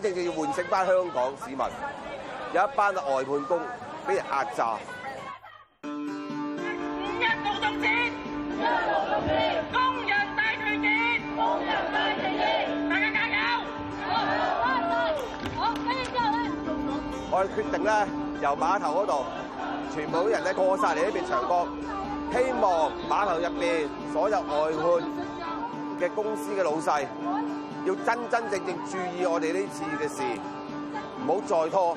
正正要喚醒翻香港市民，有一班外判工俾人壓榨。五一勞動節，工人大團結，工人大團結，大家加油！我哋決定咧，由碼頭嗰度，全部啲人咧過曬嚟呢邊長江，希望碼頭入邊所有外判嘅公司嘅老細。要真真正正注意我哋呢次嘅事，唔好再拖。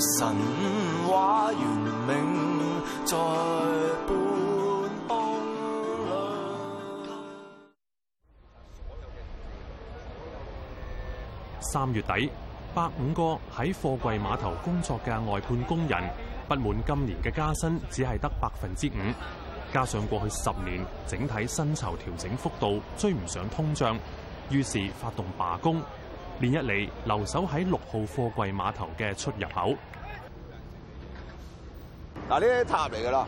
神話命在半、啊、三月底，百五個喺貨櫃碼頭工作嘅外判工人，不滿今年嘅加薪只係得百分之五，加上過去十年整體薪酬調整幅度追唔上通脹，於是發動罷工。連一嚟留守喺六號貨櫃碼頭嘅出入口。嗱，呢啲塔嚟噶啦。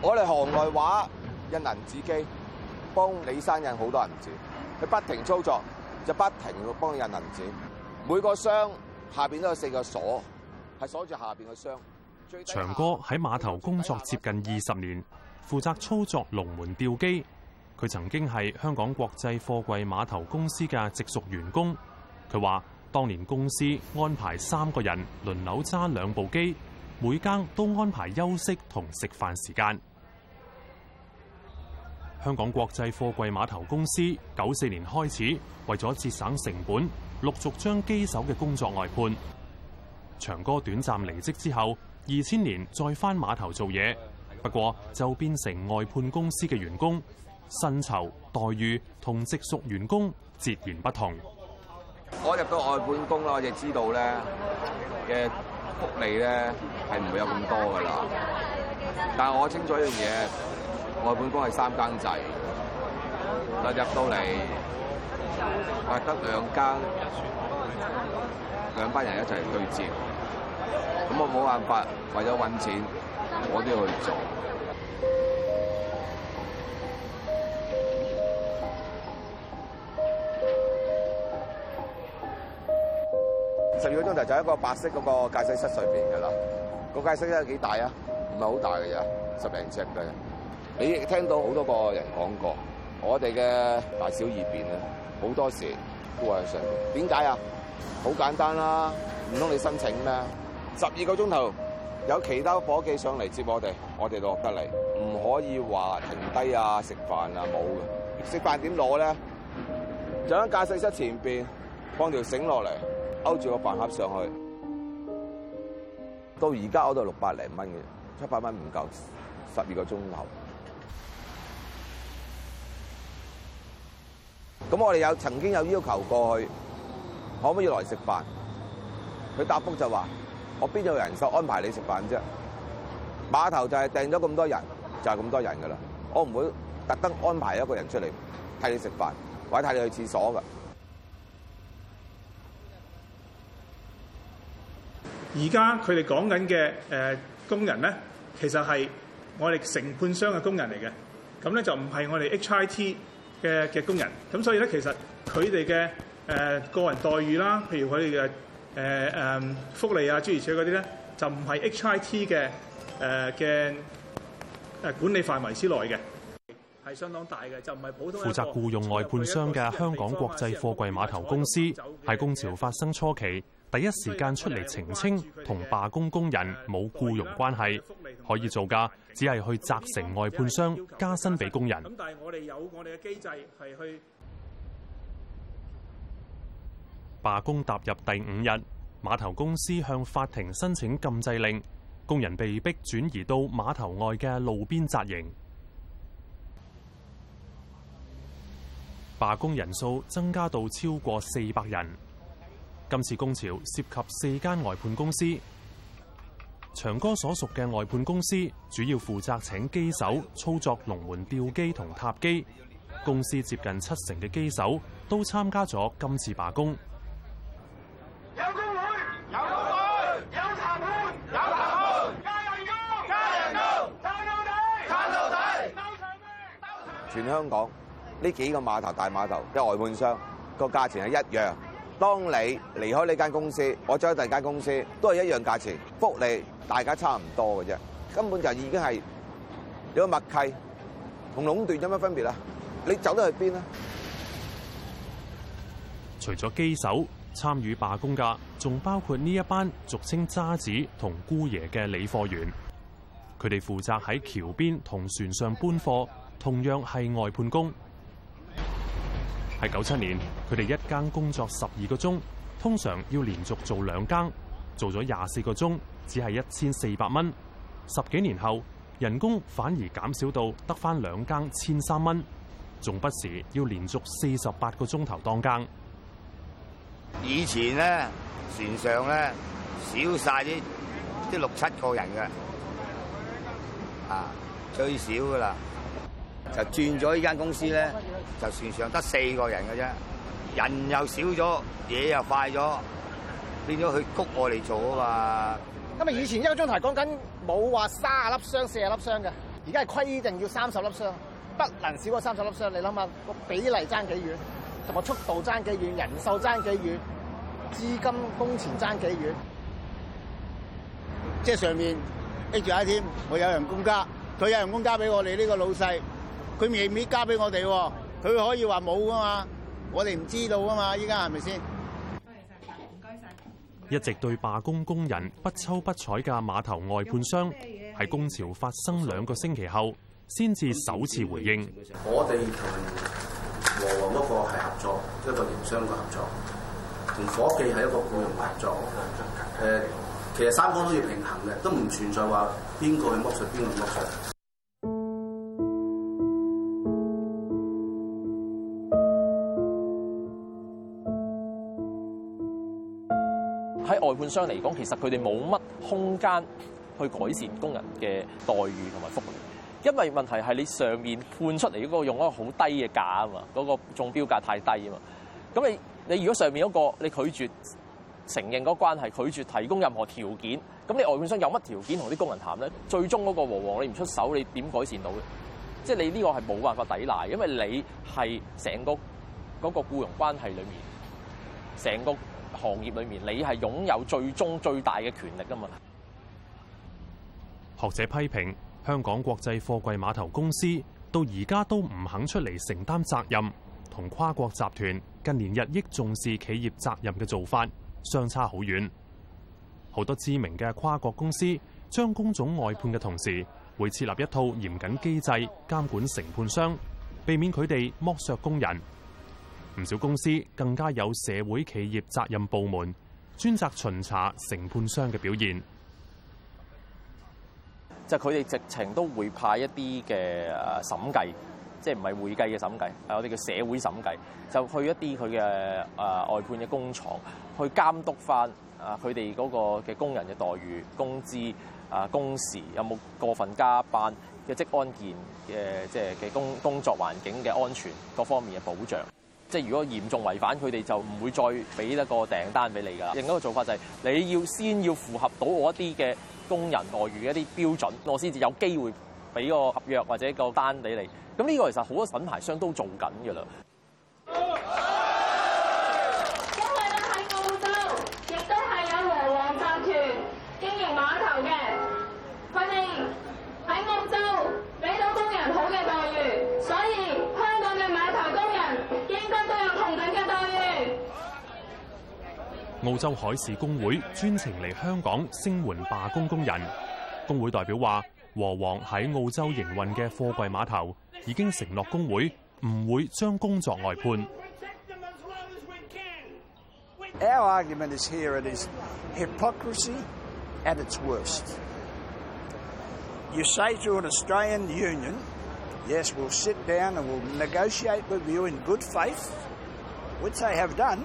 我哋行內話，印銀紙機，印銀子機幫李生印好多銀紙，佢不停操作就不停要幫印銀紙。每個箱下邊都有四個鎖，係鎖住下邊嘅箱。長哥喺碼頭工作接近二十年，負責操作龍門吊機。佢曾經係香港國際貨櫃碼頭公司嘅直屬員工。佢話：當年公司安排三個人輪流揸兩部機，每更都安排休息同食飯時間。香港國際貨櫃碼頭公司九四年開始，為咗節省成本，陸續將機手嘅工作外判。長哥短暫離職之後，二千年再返碼頭做嘢，不過就變成外判公司嘅員工，薪酬待遇同直屬員工截然不同。我入到外判工啦，我亦知道咧嘅福利咧係唔會有咁多噶啦。但係我清楚一樣嘢，外判工係三更制，入入到嚟得兩間，兩班人一齊對接。咁我冇辦法，為咗搵錢，我都要去做。十二個鐘頭就喺個白色嗰個駕駛室上邊㗎啦。個駕駛室有幾大啊？唔係好大嘅啫，十零尺嘅。你亦聽到好多個人講過，我哋嘅大小二便咧，好多時都喺上邊。點解啊？好簡單啦，唔通你申請咩？十二個鐘頭有其他伙計上嚟接我哋，我哋落得嚟，唔可以話停低啊！食飯啊冇嘅，食飯點攞咧？就喺駕駛室前邊放條繩落嚟。勾住個飯盒上去，到而家勾到六百零蚊嘅，七百蚊唔夠，十二個鐘頭。咁我哋有曾經有要求過去，可唔可以來食飯？佢答覆就話：我邊有人手安排你食飯啫？碼頭就係訂咗咁多人，就係咁多人噶啦。我唔會特登安排一個人出嚟替你食飯，或者替你去廁所噶。而家佢哋講緊嘅誒工人咧，其實係我哋承判商嘅工人嚟嘅，咁咧就唔係我哋 HIT 嘅嘅工人，咁所以咧其實佢哋嘅誒個人待遇啦，譬如佢哋嘅誒誒福利啊，諸如此類嗰啲咧，就唔係 HIT 嘅誒嘅誒管理範圍之內嘅，係相當大嘅，就唔係普通。負責僱用外判商嘅香港國際貨櫃碼頭公司，係工潮發生初期，第一時間出嚟澄清，同罷工工人冇僱傭關係，可以做㗎，只係去責成外判商加薪俾工人。咁罷工踏入第五日，碼頭公司向法庭申請禁制令，工人被逼轉移到碼頭外嘅路邊紮營，罷工人數增加到超過四百人。今次工潮涉及四間外判公司，長哥所屬嘅外判公司主要負責請機手操作龍門吊機同塔機，公司接近七成嘅機手都參加咗今次罷工。有工會，有工會，有談判，有談判，加人工，加人工，撐到底，撐到底，鬥長命，鬥長命。全香港呢幾個碼頭、大碼頭嘅外判商個價錢係一樣。當你離開呢間公司，我走去第二間公司，都係一樣價錢，福利大家差唔多嘅啫。根本就已經係有個默契，同壟斷有乜分別啊？你走得去邊啊？除咗機手參與罷工㗎，仲包括呢一班俗稱渣子同姑爺嘅理貨員，佢哋負責喺橋邊同船上搬貨，同樣係外判工。喺九七年，佢哋一更工作十二個鐘，通常要連續做兩更，做咗廿四個鐘，只係一千四百蚊。十幾年後，人工反而減少到得翻兩更千三蚊，仲不時要連續四十八個鐘頭當更。以前呢，船上咧少晒啲，啲六七個人嘅，啊最少噶啦。就轉咗呢間公司咧，就船上得四個人嘅啫，人又少咗，嘢又快咗，變咗佢谷我嚟做啊嘛。咁啊，以前一個鐘頭係講緊冇話三十粒箱、四十粒箱嘅，而家係規定要三十粒箱，不能少過三十粒箱。你諗下個比例爭幾遠，同埋速度爭幾遠，人數爭幾遠，資金工錢爭幾遠。即係上面 HIT 我有人工加，佢有人工加俾我哋呢個老細。佢未面交俾我哋，啊，佢可以話冇噶嘛，我哋唔知道㗎嘛？依家係咪先？多謝晒，唔該晒。一直對罷工工人不抽不睬嘅碼頭外判商，喺工潮發生兩個星期後，先至首次回應。我哋同和和嗰個係合作，一個營商嘅合作，同伙計係一個僱傭合作、呃。其實三方都要平衡嘅，都唔存在話邊個去剝削邊個剝削。喺外判商嚟講，其實佢哋冇乜空間去改善工人嘅待遇同埋福利，因為問題係你上面判出嚟嗰個用一個好低嘅價啊嘛，嗰個中標價太低啊嘛。咁你你如果上面嗰個你拒絕承認嗰關係，拒絕提供任何條件，咁你外判商有乜條件同啲工人談咧？最終嗰個和黃你唔出手，你點改善到嘅？即係你呢個係冇辦法抵賴，因為你係成個嗰個僱傭關係裏面，成個，行業裏面，你係擁有最終最大嘅權力噶嘛？學者批評香港國際貨櫃碼頭公司到而家都唔肯出嚟承擔責任，同跨國集團近年日益重視企業責任嘅做法相差好遠，好多知名嘅跨國公司將工種外判嘅同時會設立一套嚴謹機制監管承判商，避免佢哋剝削工人。唔少公司更加有社會企業責任部門專責巡查承判商嘅表現，就佢哋直情都會派一啲嘅審計，即係唔係會計嘅審計，係我哋叫社會審計，就去一啲佢嘅啊外判嘅工廠去監督翻啊佢哋嗰個嘅工人嘅待遇、工資啊、工時有冇過分加班嘅職安健嘅即係嘅工工作環境嘅安全各方面嘅保障。即係如果嚴重違反，佢哋就唔會再俾一個訂單俾你㗎啦。另一個做法就係，你要先要符合到我一啲嘅工人待遇一啲標準，我先至有機會俾個合約或者個單俾你。咁呢個其實好多品牌商都做緊㗎啦。澳洲海事工會專程嚟香港聲援罷工工人。工會代表話：和黃喺澳洲營運嘅貨櫃碼頭已經承諾工會唔會將工作外判。Our argument is here, it is hypocrisy at its worst. You say to an Australian union, yes, we'll sit down and we'll negotiate with you in good faith, which I have done.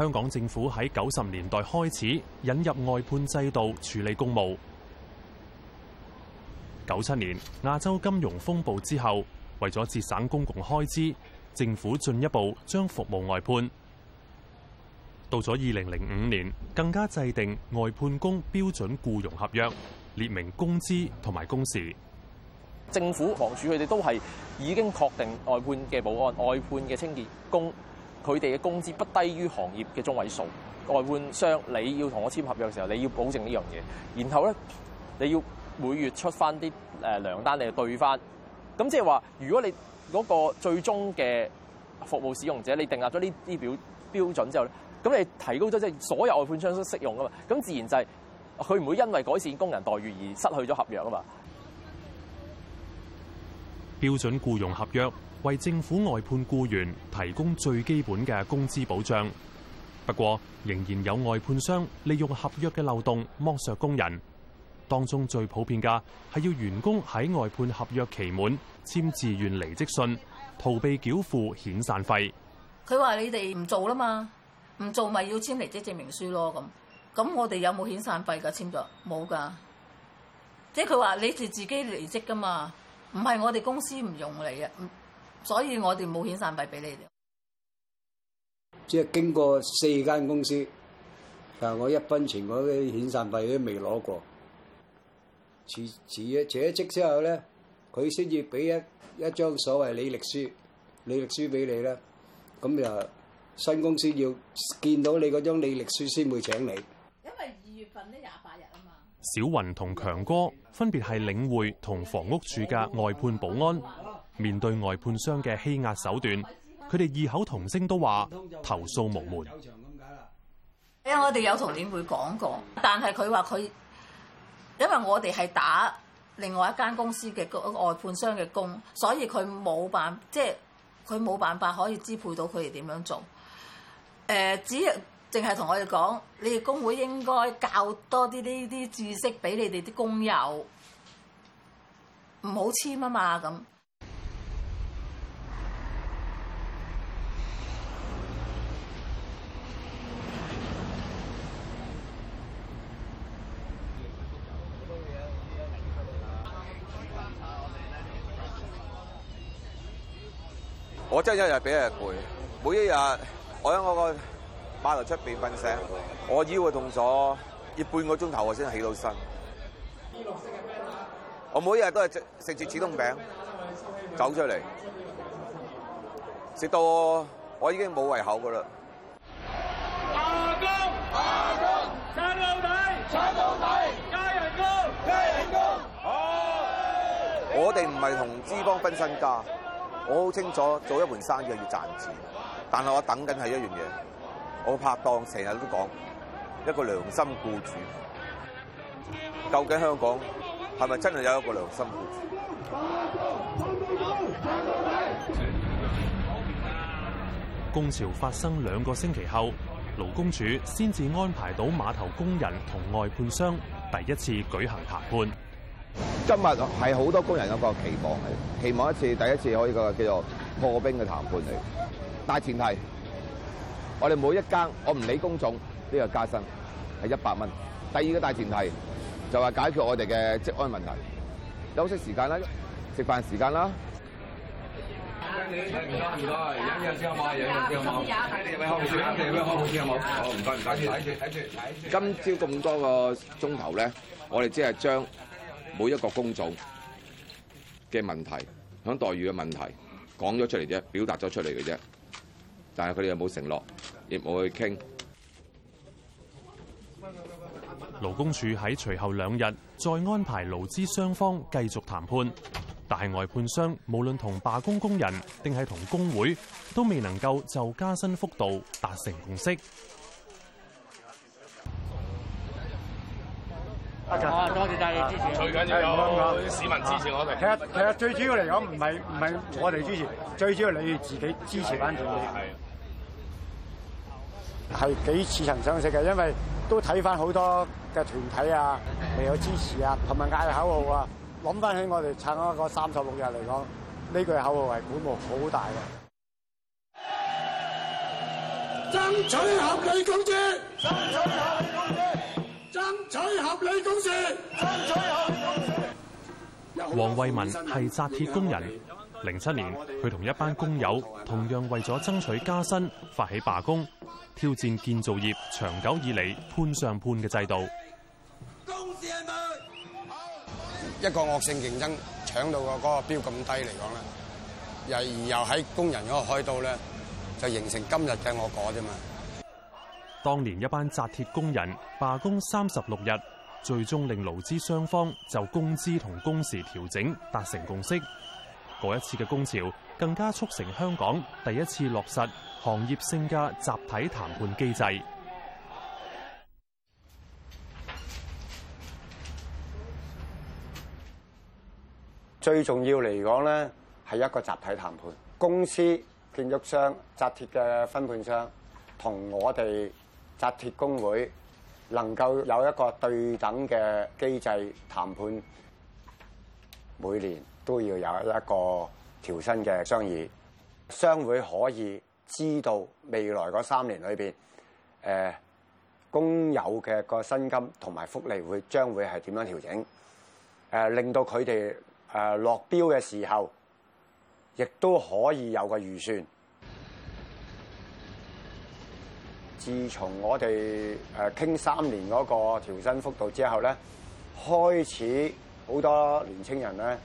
香港政府喺九十年代開始引入外判制度處理公務。九七年亞洲金融風暴之後，為咗節省公共開支，政府進一步將服務外判。到咗二零零五年，更加制定外判工標準僱傭合約，列明工資同埋工時。政府房署佢哋都係已經確定外判嘅保安、外判嘅清潔工。佢哋嘅工資不低於行業嘅中位數外，外判商你要同我簽合約嘅時候，你要保證呢樣嘢。然後咧，你要每月出翻啲誒糧單嚟對翻。咁即係話，如果你嗰個最終嘅服務使用者，你定立咗呢啲標標準之後咧，咁你提高咗即係所有外判商都適用啊嘛。咁自然就係佢唔會因為改善工人待遇而失去咗合約啊嘛。標準僱傭合約。為政府外判僱員提供最基本嘅工資保障，不過仍然有外判商利用合約嘅漏洞剝削工人。當中最普遍嘅係要員工喺外判合約期滿簽自願離職信，逃避繳付遣散費。佢話你哋唔做啦嘛，唔做咪要簽離職證明書咯。咁咁我哋有冇遣散費噶？簽咗冇噶，即係佢話你哋自己離職噶嘛，唔係我哋公司唔用你啊。所以我哋冇遣散費俾你哋。即係經過四間公司，但係我一分錢嗰啲遣散費都未攞過。辭辭咗辭咗職之後咧，佢先至俾一一張所謂履歷書，履歷書俾你啦。咁就新公司要見到你嗰張履歷書先會請你。因為二月份呢，廿八日啊嘛。小雲同強哥分別係領匯同房屋署嘅外判保安。面對外判商嘅欺壓手段，佢哋異口同聲都話投訴無門。因他他。因為我哋有同年會講過，但係佢話佢因為我哋係打另外一間公司嘅外判商嘅工，所以佢冇辦，即係佢冇辦法可以支配到佢哋點樣做。誒、呃，只淨係同我哋講，你哋工會應該教多啲呢啲知識俾你哋啲工友，唔好簽啊嘛咁。我真係一日比一日攰，每一日我喺我個碼頭出邊瞓醒，我腰會痛咗，要半個鐘頭我先起到身。我每一日都係食食住止痛餅，走出嚟食到我已經冇胃口噶啦。工工公，加公人工加人工。好，啊、我哋唔係同資方分身家。我好清楚做一門生意要賺錢，但係我等緊係一樣嘢。我拍檔成日都講一個良心僱主，究竟香港係咪真係有一個良心僱主？工潮發生兩個星期後，勞工處先至安排到碼頭工人同外判商第一次舉行談判。今日係好多工人有個期望係，期望一次第一次可以個叫做破冰嘅談判嚟。大前提，我哋每一間，我唔理工種，呢個加薪係一百蚊。第二個大前提就話解決我哋嘅職安問題。休息時間啦，食飯時間啦。唔該唔該，今朝咁多個鐘頭咧，我哋只係將。每一個工種嘅問題，響待遇嘅問題講咗出嚟啫，表達咗出嚟嘅啫，但係佢哋又冇承諾，亦冇去傾。勞工處喺隨後兩日再安排勞資雙方繼續談判，大外判商無論同罷工工人定係同工會，都未能夠就加薪幅度達成共識。啊、多謝大家支持，最緊要有市民支持我哋、啊。其實其實，最主要嚟講唔係唔係我哋支持，最主要你要自己支持翻自己。啊，係幾似曾相識嘅，因為都睇翻好多嘅團體啊嚟有支持啊，同埋嗌口號啊。諗翻起我哋撐咗個三十六日嚟講，呢句口號係鼓舞好大嘅。爭取合理工資！爭取爭取合理工時，爭取合理工時。黃慧文係紮鐵工人，零七年佢同一班工友同樣為咗爭取加薪發起罷工，挑戰建造業長久以嚟判上判嘅制度。一個惡性競爭，搶到個嗰個標咁低嚟講咧，又又喺工人嗰個開刀咧，就形成今日嘅我講啫嘛。當年一班紮鐵工人罷工三十六日，最終令勞資雙方就工資同工時調整達成共識。嗰一次嘅工潮，更加促成香港第一次落實行業性嘅集體談判機制。最重要嚟講呢係一個集體談判，公司、建築商、紮鐵嘅分判商同我哋。紥鐵工會能夠有一個對等嘅機制談判，每年都要有一個調薪嘅商議，商會可以知道未來嗰三年裏邊，誒工友嘅個薪金同埋福利會將會係點樣調整，誒令到佢哋誒落標嘅時候，亦都可以有個預算。自從我哋誒傾三年嗰個調薪幅度之後咧，開始好多年青人咧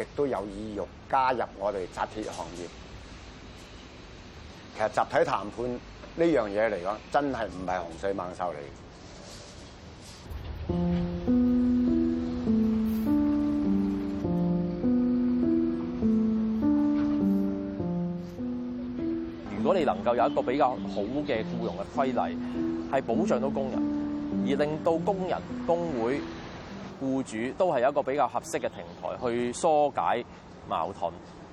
亦都有意欲加入我哋紮鐵行業。其實集體談判呢樣嘢嚟講，真係唔係洪水猛獸嚟。能夠有一個比較好嘅僱傭嘅規例，係保障到工人，而令到工人、工會、僱主都係一個比較合適嘅平台去疏解矛盾。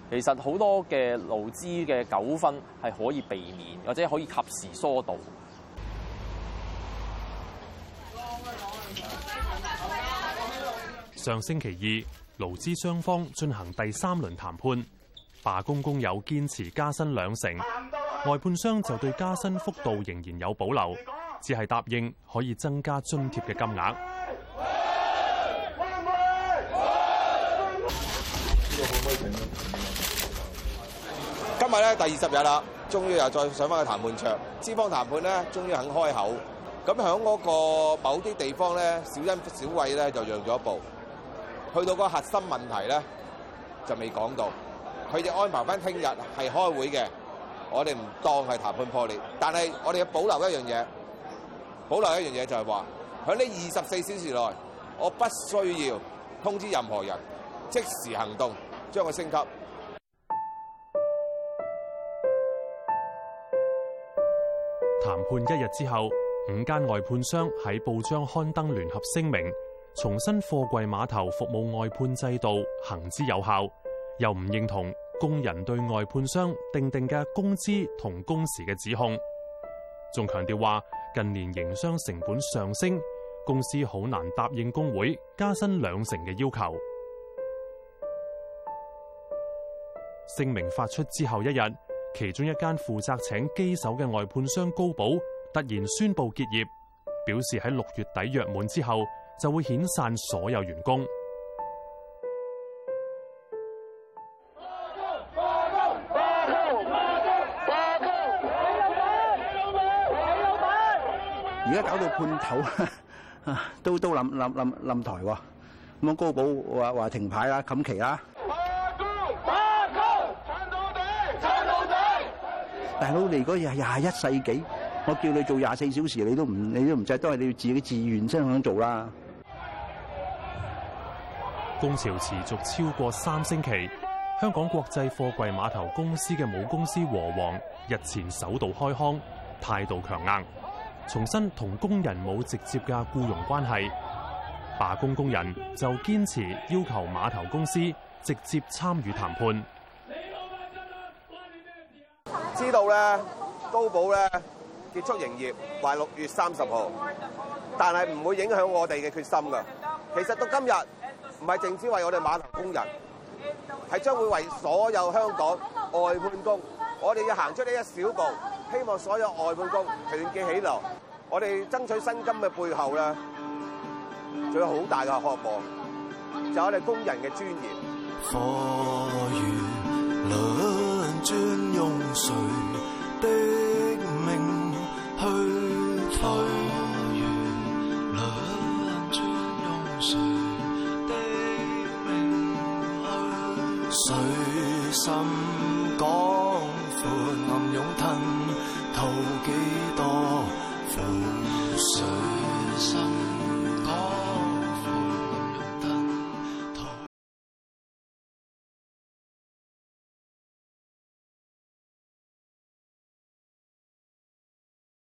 其實好多嘅勞資嘅糾紛係可以避免，或者可以及時疏導。上星期二，勞資雙方進行第三輪談判，罷工工友堅持加薪兩成。外判商就對加薪幅度仍然有保留，只係答應可以增加津貼嘅金額。今日呢第二十日啦，終於又再上翻去談判桌。資方談判呢，終於肯開口。咁響嗰個某啲地方咧，小恩小惠咧就讓咗一步。去到嗰個核心問題咧，就未講到。佢哋安排翻聽日係開會嘅。我哋唔當係談判破裂，但係我哋要保留一樣嘢，保留一樣嘢就係話，喺呢二十四小時內，我不需要通知任何人，即時行動將佢升級。談判一日之後，五間外判商喺報章刊登聯合聲明，重申貨櫃碼頭服務外判制度行之有效，又唔認同工人對外判商定定嘅工資同工時嘅指控，仲強調話近年營商成本上升，公司好難答應工會加薪兩成嘅要求。聲明發出之後一日，其中一間負責請機手嘅外判商高寶突然宣布結業，表示喺六月底約滿之後就會遣散所有員工。而家搞到判丑，都都冧冧冧冧台喎。咁高寶話話停牌啦，冚期啦。罷工！罷工！撐到底！撐到底！大佬，你如果廿一世紀，我叫你做廿四小時，你都唔你都唔制，都係你要自己自願先肯做啦。工潮持續超過三星期，香港國際貨櫃碼頭公司嘅母公司和黃日前首度開腔，態度強硬。重新同工人冇直接嘅僱傭關係，罷工工人就堅持要求碼頭公司直接參與談判。知道咧，高寶咧結束營業，話六月三十號，但係唔會影響我哋嘅決心噶。其實到今日，唔係淨止為我哋碼頭工人，係將會為所有香港外判工，我哋要行出呢一小步。希望所有外判工團結起來，我哋爭取薪金嘅背後咧，仲有好大嘅渴望，就係、是、我哋工人嘅尊嚴。